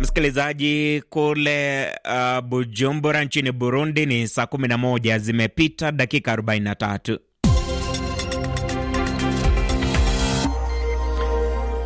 Msikilizaji kule uh, Bujumbura nchini Burundi ni saa 11 zimepita dakika 43.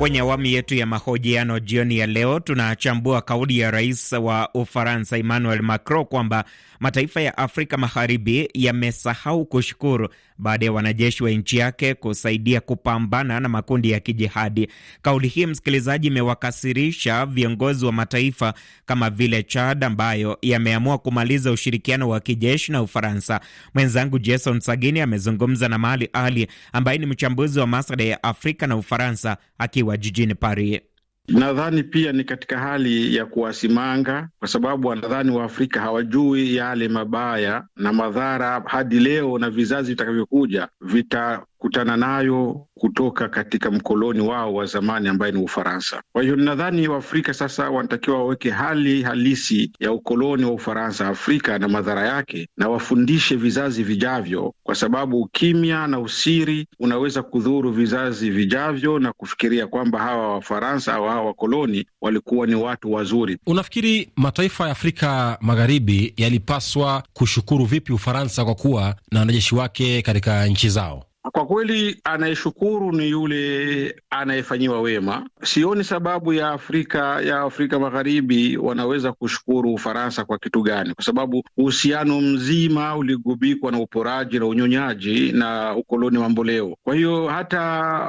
Kwenye awamu yetu ya mahojiano jioni ya leo, tunachambua kauli ya rais wa Ufaransa Emmanuel Macron kwamba mataifa ya Afrika Magharibi yamesahau kushukuru baada ya wanajeshi wa nchi yake kusaidia kupambana na makundi ya kijihadi. Kauli hii, msikilizaji, imewakasirisha viongozi wa mataifa kama vile Chad ambayo yameamua kumaliza ushirikiano wa kijeshi na Ufaransa. Mwenzangu Jason Sagini amezungumza na Mali Ali ambaye ni mchambuzi wa masada ya Afrika na Ufaransa akiwa wa jijini Paris. Nadhani pia ni katika hali ya kuwasimanga, kwa sababu wa Waafrika hawajui yale mabaya na madhara hadi leo na vizazi vitakavyokuja vita kutana nayo kutoka katika mkoloni wao wa zamani ambaye ni Ufaransa. Kwa hiyo ninadhani Waafrika sasa wanatakiwa waweke hali halisi ya ukoloni wa Ufaransa Afrika na madhara yake, na wafundishe vizazi vijavyo, kwa sababu ukimya na usiri unaweza kudhuru vizazi vijavyo na kufikiria kwamba hawa Wafaransa au hawa wakoloni walikuwa ni watu wazuri. Unafikiri mataifa ya Afrika Magharibi yalipaswa kushukuru vipi Ufaransa kwa kuwa na wanajeshi wake katika nchi zao? Kwa kweli anayeshukuru ni yule anayefanyiwa wema. Sioni sababu ya Afrika ya Afrika Magharibi wanaweza kushukuru Ufaransa kwa kitu gani? Kwa sababu uhusiano mzima uligubikwa na uporaji na unyonyaji na ukoloni mamboleo. Kwa hiyo hata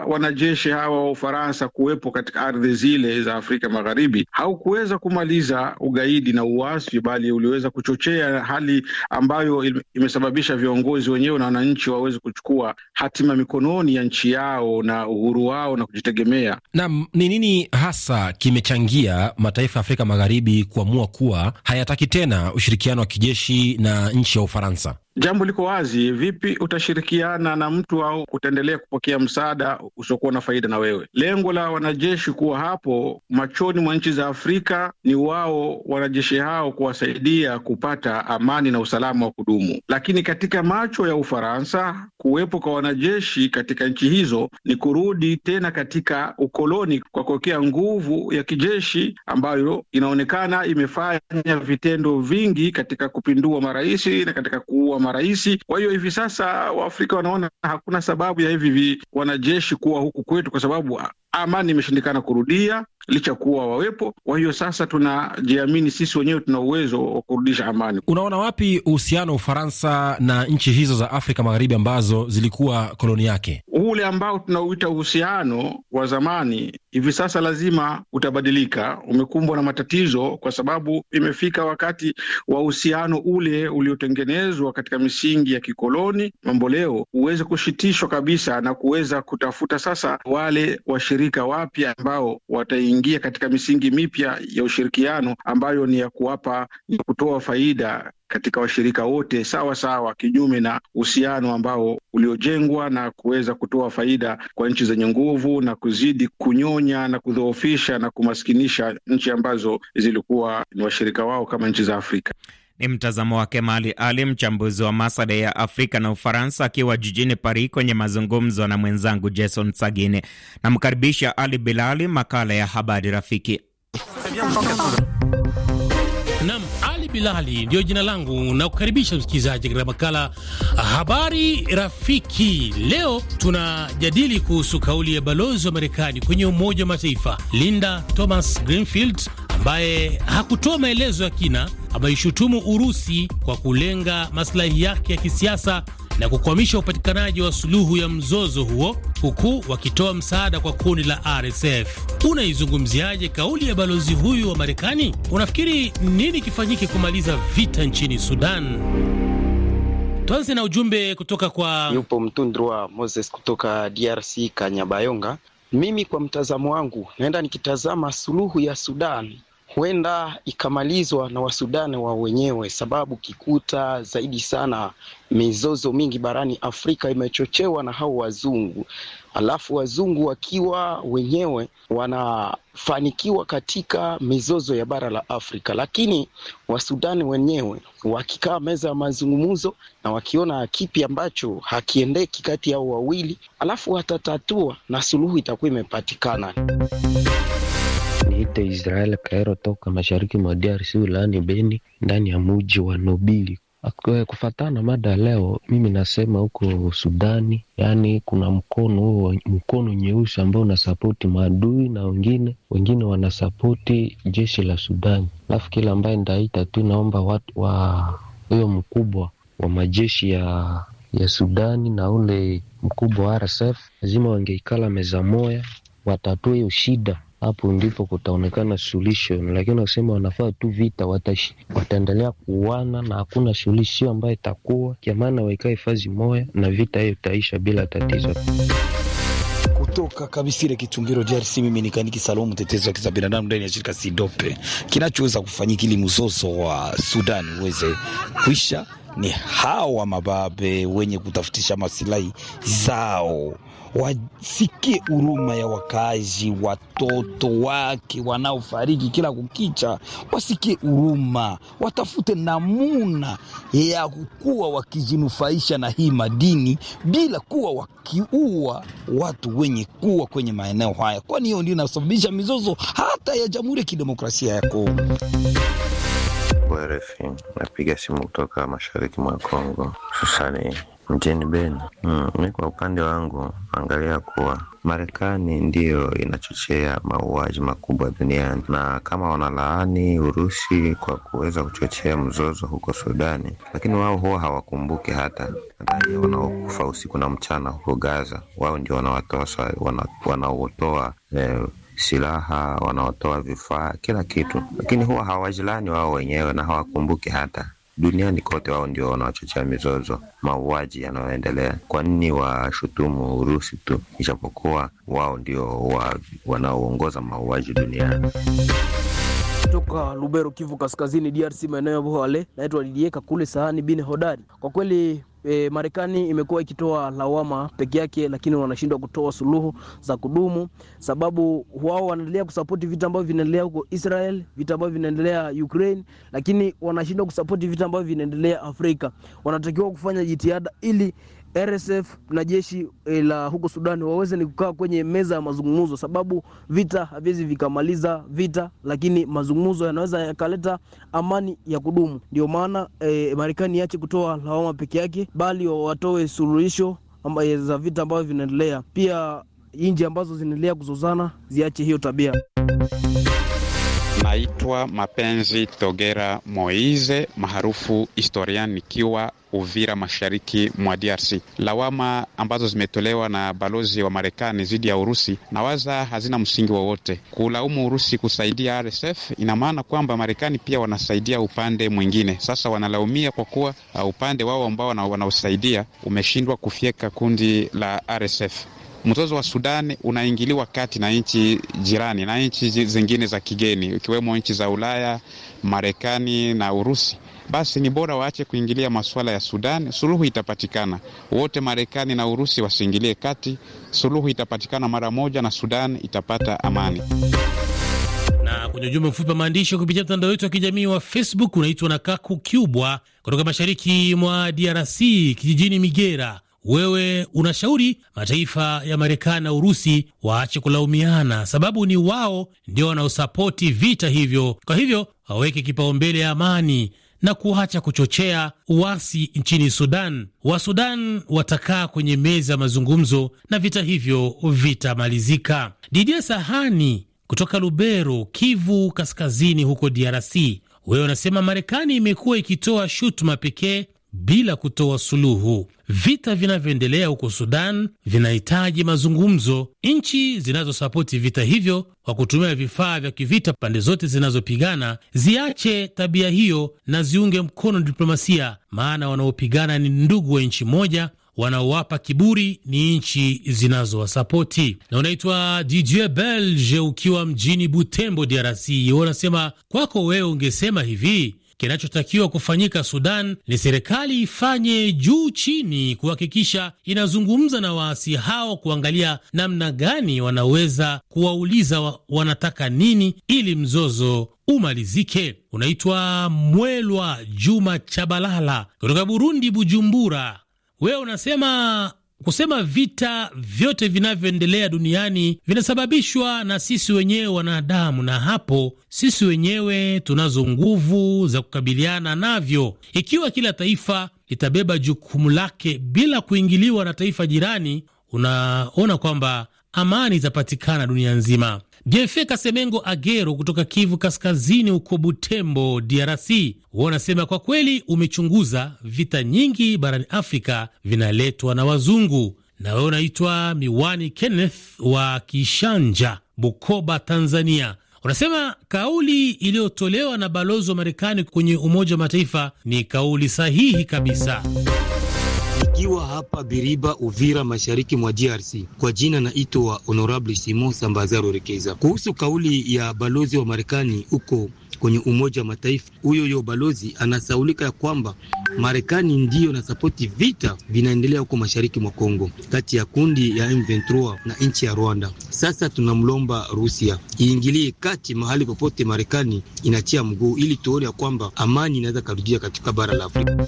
wanajeshi hawa wa Ufaransa kuwepo katika ardhi zile za Afrika Magharibi haukuweza kumaliza ugaidi na uasi, bali uliweza kuchochea hali ambayo imesababisha viongozi wenyewe na wananchi waweze kuchukua hatima mikononi ya nchi yao na uhuru wao na kujitegemea. Naam, ni nini hasa kimechangia mataifa ya Afrika Magharibi kuamua kuwa hayataki tena ushirikiano wa kijeshi na nchi ya Ufaransa? Jambo liko wazi. Vipi utashirikiana na mtu au utaendelea kupokea msaada usiokuwa na faida na wewe? Lengo la wanajeshi kuwa hapo machoni mwa nchi za Afrika ni wao wanajeshi hao kuwasaidia kupata amani na usalama wa kudumu, lakini katika macho ya Ufaransa kuwepo kwa wanajeshi katika nchi hizo ni kurudi tena katika ukoloni kwa kuwekea nguvu ya kijeshi ambayo inaonekana imefanya vitendo vingi katika kupindua marahisi na katika kuua marais. Kwa hiyo hivi sasa Waafrika wanaona hakuna sababu ya hivi wanajeshi kuwa huku kwetu, kwa sababu amani imeshindikana kurudia licha kuwa wawepo. Kwa hiyo sasa tunajiamini sisi wenyewe tuna uwezo wa kurudisha amani. Unaona wapi uhusiano wa Ufaransa na nchi hizo za Afrika Magharibi ambazo zilikuwa koloni yake? Ule ambao tunauita uhusiano wa zamani hivi sasa lazima utabadilika, umekumbwa na matatizo kwa sababu imefika wakati wa uhusiano ule uliotengenezwa katika misingi ya kikoloni mambo leo uweze kushitishwa kabisa na kuweza kutafuta sasa wale washirika washirika wapya ambao wataingia katika misingi mipya ya ushirikiano ambayo ni ya kuwapa ya kutoa faida katika washirika wote sawa sawa, kinyume na uhusiano ambao uliojengwa na kuweza kutoa faida kwa nchi zenye nguvu na kuzidi kunyonya na kudhoofisha na kumaskinisha nchi ambazo zilikuwa ni washirika wao kama nchi za Afrika. Ni mtazamo wake Mali Ali, mchambuzi wa masada ya Afrika na Ufaransa, akiwa jijini Paris kwenye mazungumzo na mwenzangu Jason Sagine. Namkaribisha Ali Bilali, makala ya habari rafiki. Nam Ali Bilali ndiyo jina langu na kukaribisha msikilizaji katika makala habari rafiki. Leo tunajadili kuhusu kauli ya balozi wa Marekani kwenye Umoja wa Mataifa Linda Thomas Greenfield ambaye hakutoa maelezo ya kina, ameishutumu Urusi kwa kulenga maslahi yake ya kisiasa na kukwamisha upatikanaji wa suluhu ya mzozo huo huku wakitoa msaada kwa kundi la RSF. Unaizungumziaje kauli ya balozi huyu wa Marekani? Unafikiri nini kifanyike kumaliza vita nchini Sudan? Tuanze na ujumbe kutoka kwa yupo Mtundrwa Moses kutoka DRC Kanyabayonga. Mimi kwa mtazamo wangu, naenda nikitazama suluhu ya Sudan huenda ikamalizwa na Wasudani wa wenyewe, sababu kikuta zaidi sana mizozo mingi barani Afrika imechochewa na hao wazungu, alafu wazungu wakiwa wenyewe wanafanikiwa katika mizozo ya bara la Afrika, lakini Wasudani wenyewe wakikaa meza ya mazungumzo na wakiona kipi ambacho hakiendeki kati yao wawili, alafu watatatua na suluhu itakuwa imepatikana niite Israel Kairo toka mashariki mwa DRC wilayani Beni ndani ya muji wa Nobili. Eh, kufatana mada leo, mimi nasema huko Sudani, yaani kuna mkono mkono nyeusi ambao unasapoti maadui na wengine wengine wanasapoti jeshi la Sudani. Alafu kila ambaye ndaita tu, naomba watu wa huyo mkubwa wa majeshi ya ya Sudani na ule mkubwa wa RSF lazima wangeikala meza moya, watatue ushida hapo ndipo kutaonekana solution lakini wasema wanafaa tu vita, wataendelea kuuana na hakuna solution ambayo itakuwa maana waikae fazi moya na vita hiyo itaisha bila tatizo. Kutoka Kabisire Kitungiro, DRC, mimi ni Kaniki Salomu, mtetezi wa za binadamu ndani ya shirika Sidope. Kinachoweza kufanyika ili mzozo wa Sudan uweze kuisha ni hawa mababe wenye kutafutisha masilahi zao, wasikie huruma ya wakazi, watoto wake wanaofariki kila kukicha, wasikie huruma, watafute namuna ya kuwa wakijinufaisha na hii madini bila kuwa wakiua watu wenye kuwa kwenye maeneo haya, kwani hiyo ndio inasababisha mizozo hata ya Jamhuri ya Kidemokrasia ya Kongo. Jambo RFI, napiga eh, simu kutoka mashariki mwa Kongo, hususani mjini eh, Beni. Mm, mi kwa upande wangu angalia kuwa Marekani ndiyo inachochea mauaji makubwa duniani, na kama wanalaani Urusi kwa kuweza kuchochea mzozo huko Sudani, lakini wao huwa hawakumbuki hata raia wanaokufa usiku na mchana huko Gaza, wao ndio wanawatoa wanauotoa eh, silaha, wanaotoa vifaa, kila kitu, lakini huwa hawajilani wao wenyewe na hawakumbuki hata duniani kote wao ndio wanaochochea mizozo, mauaji yanayoendelea. Kwa nini washutumu Urusi tu, ijapokuwa wao ndio wa, wanaoongoza mauaji duniani? Toka Lubero, Kivu Kaskazini, DRC, maeneo ya Buhale. Naitwa Lidieka kule sahani bin hodari. Kwa kweli e, Marekani imekuwa ikitoa lawama peke yake, lakini wanashindwa kutoa suluhu za kudumu, sababu wao wanaendelea kusapoti vita ambavyo vinaendelea huko Israel, vita ambavyo vinaendelea Ukraine, lakini wanashindwa kusapoti vita ambavyo vinaendelea Afrika. Wanatakiwa kufanya jitihada ili RSF na jeshi eh, la huko Sudan waweze ni kukaa kwenye meza ya mazungumzo, sababu vita haviwezi vikamaliza vita, lakini mazungumzo yanaweza yakaleta amani ya kudumu. Ndio maana e, Marekani yache kutoa lawama peke yake, bali watoe suluhisho eh, za vita ambavyo vinaendelea. Pia nchi ambazo zinaendelea kuzozana ziache hiyo tabia. Naitwa Mapenzi Togera Moize maarufu Historia, nikiwa Uvira, mashariki mwa DRC. Lawama ambazo zimetolewa na balozi wa Marekani dhidi ya Urusi nawaza hazina msingi wowote. Kulaumu Urusi kusaidia RSF ina maana kwamba Marekani pia wanasaidia upande mwingine. Sasa wanalaumia kwa kuwa uh, upande wao ambao wanaosaidia umeshindwa kufyeka kundi la RSF. Mzozo wa Sudani unaingiliwa kati na nchi jirani na nchi zingine za kigeni, ikiwemo nchi za Ulaya, Marekani na Urusi. Basi ni bora waache kuingilia masuala ya Sudan, suluhu itapatikana. Wote Marekani na Urusi wasiingilie kati, suluhu itapatikana mara moja na Sudan itapata amani. Na kwenye ujumbe mfupi wa maandishi kupitia mtandao wetu wa kijamii wa Facebook unaitwa na Kaku Kubwa kutoka mashariki mwa DRC kijijini Migera wewe unashauri mataifa ya Marekani na Urusi waache kulaumiana, sababu ni wao ndio wanaosapoti vita hivyo. Kwa hivyo waweke kipaumbele ya amani na kuacha kuchochea uasi nchini Sudan. Wa watakaa kwenye meza ya mazungumzo na vita hivyo vitamalizika. Didia Sahani kutoka Lubero, Kivu Kaskazini, huko DRC. Wewe unasema Marekani imekuwa ikitoa shutuma pekee bila kutoa suluhu. Vita vinavyoendelea huko Sudan vinahitaji mazungumzo. Nchi zinazosapoti vita hivyo kwa kutumia vifaa vya kivita, pande zote zinazopigana ziache tabia hiyo na ziunge mkono diplomasia, maana wanaopigana ni ndugu wa nchi moja wanaowapa kiburi ni nchi zinazowasapoti. Na unaitwa dj Belge ukiwa mjini Butembo, DRC. Wanasema kwako wewe ungesema hivi Kinachotakiwa kufanyika Sudan ni serikali ifanye juu chini kuhakikisha inazungumza na waasi hao, kuangalia namna gani wanaweza kuwauliza wa, wanataka nini ili mzozo umalizike. Unaitwa Mwelwa Juma Chabalala kutoka Burundi, Bujumbura. Wewe unasema kusema vita vyote vinavyoendelea duniani vinasababishwa na sisi wenyewe wanadamu, na hapo sisi wenyewe tunazo nguvu za kukabiliana navyo. Ikiwa kila taifa litabeba jukumu lake bila kuingiliwa na taifa jirani, unaona kwamba amani itapatikana dunia nzima. Bienfait Kasemengo Agero kutoka Kivu Kaskazini huko Butembo, DRC, huwa anasema kwa kweli umechunguza vita nyingi barani Afrika vinaletwa na wazungu. Na wewe unaitwa Miwani Kenneth wa Kishanja, Bukoba, Tanzania, unasema kauli iliyotolewa na balozi wa Marekani kwenye Umoja wa Mataifa ni kauli sahihi kabisa. Nikiwa hapa Biriba, Uvira, mashariki mwa DRC. Kwa jina naitwa Honorable simo Sambazaro Rekeza. Kuhusu kauli ya balozi wa Marekani huko kwenye Umoja wa Mataifa, huyo huyo balozi anasaulika ya kwamba Marekani ndiyo nasapoti vita vinaendelea huko mashariki mwa Kongo kati ya kundi ya M23 na nchi ya Rwanda. Sasa tunamlomba Rusia iingilie kati mahali popote Marekani inatia mguu, ili tuone ya kwamba amani inaweza karudia katika bara la Afrika.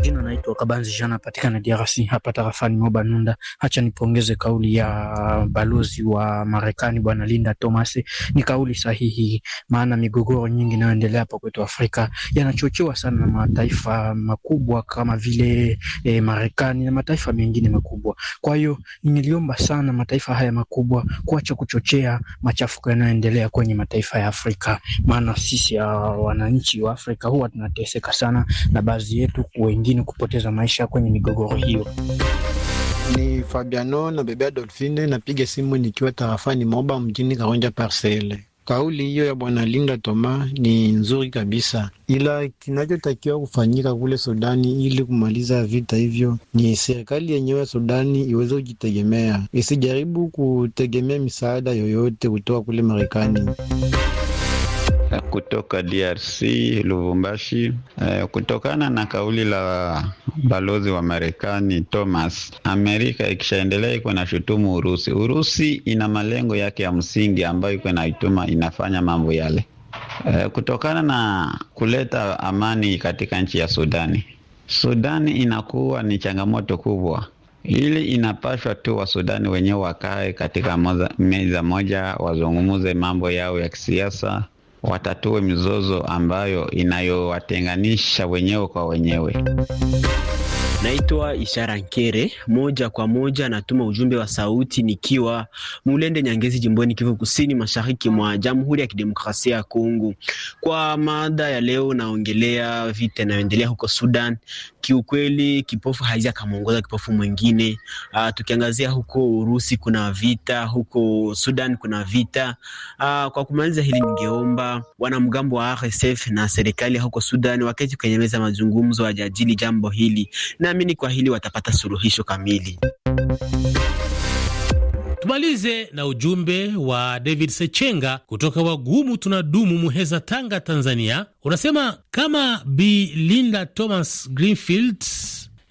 Jina naitwa Kabanzi Jana, napatikana DRC hapa tarafani Moba Nunda. Hacha nipongeze kauli ya balozi wa Marekani bwana Linda Thomas, ni kauli sahihi, maana migogoro nyingi inayoendelea hapa kwetu Afrika yanachochewa sana na mataifa makubwa kama vile e, Marekani na mataifa mengine makubwa. Kwa hiyo niliomba sana mataifa haya makubwa kuacha kuchochea machafuko yanayoendelea kwenye mataifa ya Afrika, maana sisi ah, wananchi wa Afrika huwa tunateseka sana na baadhi yetu wengi wengine kupoteza maisha kwenye migogoro hiyo. Ni Fabiano na bebe Adolfine, napiga simu nikiwa tarafani Moba mjini Karonja Parcele. Kauli hiyo ya bwana Linda Toma ni nzuri kabisa, ila kinachotakiwa kufanyika kule Sudani ili kumaliza vita hivyo ni serikali yenyewe ya Sudani iweze kujitegemea, isijaribu kutegemea misaada yoyote kutoka kule Marekani. Eh, kutoka DRC Lubumbashi. Eh, kutokana na kauli la balozi wa Marekani Thomas, Amerika ikishaendelea iko na shutumu Urusi. Urusi ina malengo yake ya msingi ambayo iko naituma inafanya mambo yale eh, kutokana na kuleta amani katika nchi ya Sudani. Sudani inakuwa ni changamoto kubwa ili inapashwa tu Wasudani wenyewe wakae katika meza moja, wazungumuze mambo yao ya kisiasa watatue mizozo ambayo inayowatenganisha wenyewe kwa wenyewe. Naitwa Ishara Nkere, moja kwa moja natuma ujumbe wa sauti nikiwa Mulende Nyangezi, jimboni Kivu Kusini, mashariki mwa Jamhuri ya Kidemokrasia ya Kongo. Kwa mada ya leo, naongelea vita inayoendelea huko Sudan. Kiukweli kipofu haizi akamwongoza kipofu mwingine. Uh, tukiangazia huko Urusi kuna vita, huko Sudan kuna vita. Uh, kwa kumaliza hili, ningeomba wanamgambo wa RSF na serikali ya huko Sudan waketi kwenye meza mazungumzo, wajadili jambo hili na Naamini kwa hili watapata suluhisho kamili. Tumalize na ujumbe wa David Sechenga kutoka Wagumu Tunadumu, Muheza, Tanga, Tanzania. Unasema kama Bi Linda Thomas Greenfield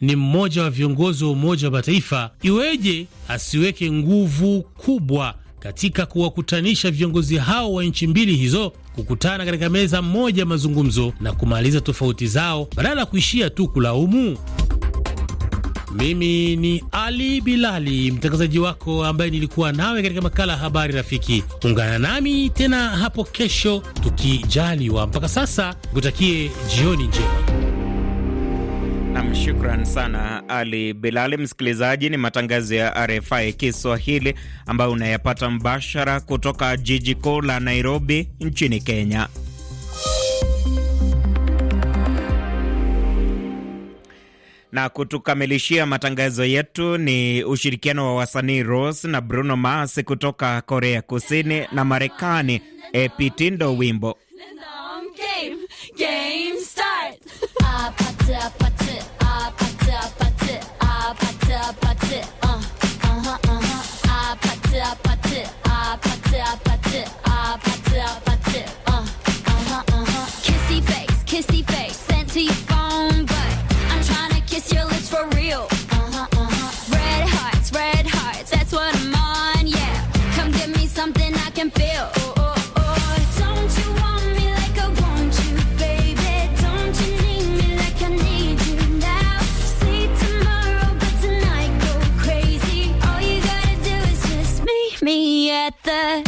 ni mmoja wa viongozi wa Umoja wa Mataifa, iweje asiweke nguvu kubwa katika kuwakutanisha viongozi hao wa nchi mbili hizo kukutana katika meza moja mazungumzo na kumaliza tofauti zao badala ya kuishia tu kulaumu. Mimi ni Ali Bilali, mtangazaji wako ambaye nilikuwa nawe katika makala ya habari rafiki. Ungana nami tena hapo kesho tukijaliwa. Mpaka sasa, nikutakie jioni njema. Nam, shukran sana Ali Bilali. Msikilizaji, ni matangazo ya RFI Kiswahili ambayo unayapata mbashara kutoka jiji kuu la Nairobi nchini Kenya. Na kutukamilishia matangazo yetu ni ushirikiano wa wasanii Rose na Bruno Mars kutoka Korea Kusini na Marekani, Epitindo wimbo game, game start. Ah, ah, the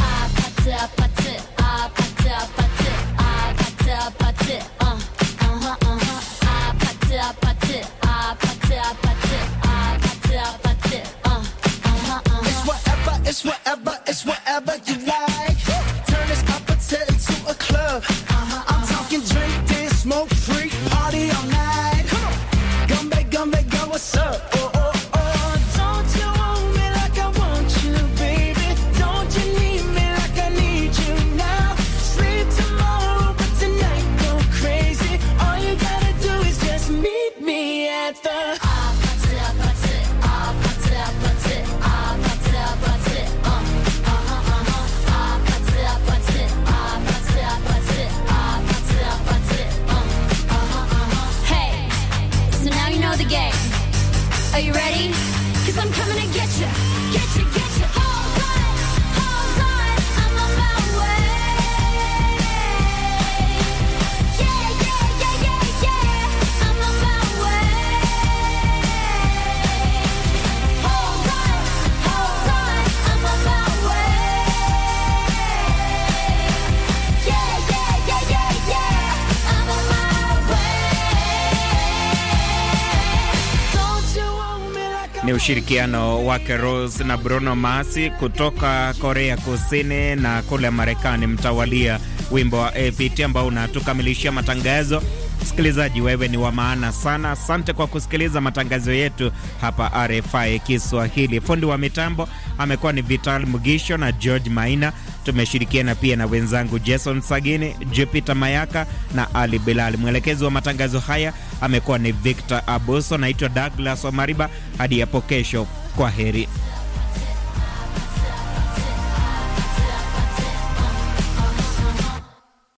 ushirikiano wake Rose na Bruno Mars kutoka Korea Kusini na kule Marekani mtawalia wimbo wa APT ambao unatukamilishia matangazo. Msikilizaji, wewe ni wa maana sana. Asante kwa kusikiliza matangazo yetu hapa RFI Kiswahili. Fundi wa mitambo amekuwa ni Vital Mugisho na George Maina. Tumeshirikiana pia na wenzangu Jason Sagini, Jupiter Mayaka na Ali Bilal. Mwelekezi wa matangazo haya amekuwa ni Victor Abuso. Naitwa Douglas Omariba. Hadi hapo kesho, kwa heri.